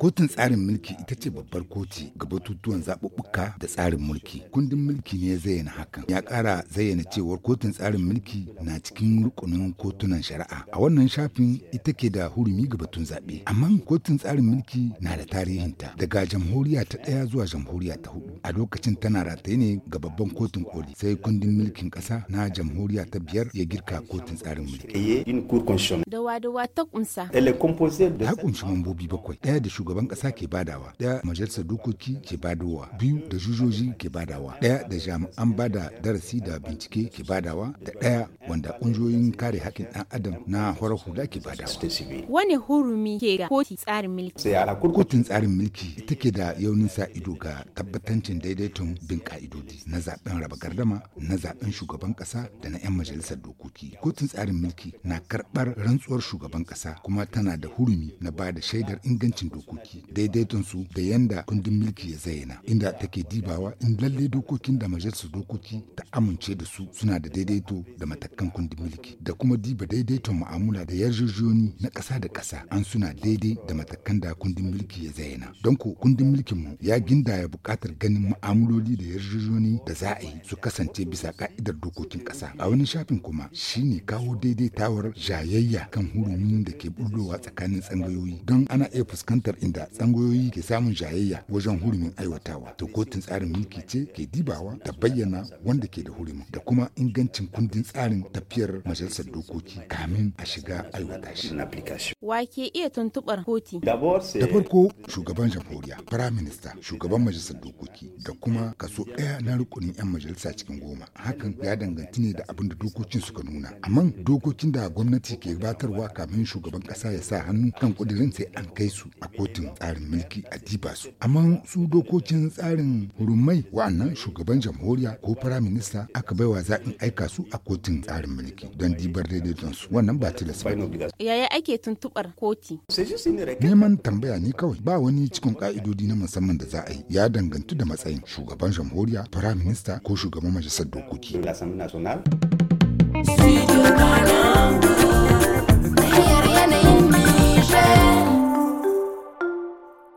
Kotun tsarin mulki ita ce babbar koti ga batutuwan zaɓuɓɓuka da tsarin mulki. Kundin mulki ne zayyana hakan. Ya ƙara zayyana cewar kotun tsarin mulki na cikin rukunin kotunan shari'a. A wannan shafin ita ke da hurumi ga batun zaɓe. Amma kotun tsarin mulki na da tarihinta daga jamhuriya ta ɗaya zuwa jamhuriya ta hudu. A lokacin tana rataye ne ga babban kotun koli sai kundin mulkin ƙasa na jamhuriya ta biyar ya girka kotun tsarin mulki. Dawa-dawa ta ƙunsa. Ta ƙunshi mambo mambobi bakwai ɗaya da shugaban ƙasa ke badawa ɗaya majalisar dokoki ke badawa biyu da jujoji ke badawa ɗaya da jami'an bada darasi da bincike ke badawa da ɗaya wanda ƙungiyoyin kare haƙƙin ɗan adam na horar hula ke badawa. Wani hurumi ke ga kotun tsarin mulki? Kotun tsarin mulki ita ke da yaunin sa ido ga tabbatancin daidaiton bin ka'idodi na zaben raba gardama na zaben shugaban ƙasa da na 'yan majalisar dokoki. Kotun tsarin mulki na karɓar rantsuwar shugaban ƙasa kuma tana da hurumi na ba da shaida shaidar ingancin dokoki daidaiton su da yanda kundin mulki ya zayyana inda take dibawa in lalle dokokin da majalisar dokoki ta amince da su suna da daidaito da matakan kundin mulki da kuma diba daidaiton mu'amala da yarjejiyoni na ƙasa da ƙasa an suna daidai da matakan da kundin mulki ya zayyana don ko kundin mulkin mu ya gindaya buƙatar ganin mu'amaloli da yarjejiyoni da za a yi su kasance bisa ka'idar dokokin ƙasa a wani shafin kuma shine kawo daidaitawar jayayya kan hurumin da ke bullowa tsakanin tsangayoyi don ana iya fuskantar inda tsangoyoyi ke samun jayayya wajen hurumin aiwatawa to kotun tsarin mulki ce ke dibawa ta bayyana wanda ke da hurumin da kuma ingancin kundin tsarin tafiyar majalisar dokoki kamin a shiga aiwata shi wa ke iya tuntubar koti da farko shugaban jamhuriya firaminista shugaban majalisar dokoki da kuma kaso ɗaya na rukunin 'yan majalisa cikin goma hakan ya danganci ne da abin da dokokin suka nuna amma dokokin da gwamnati ke batarwa kamin shugaban ƙasa ya sa hannu kan ƙudirin sai an kai su a kotun tsarin mulki a diba su amma su dokokin tsarin hurumai wa'annan shugaban jamhuriya ko firaminista aka baiwa zaɓin aika su a kotun tsarin mulki don dibar daidaiton su wannan ba tilas ba yaya ake tuntuɓar koti neman tambaya ne kawai ba wani cikin ka'idodi na musamman da za a yi ya dangantu da matsayin shugaban jamhuriya firaminista ko shugaban majalisar dokoki Studio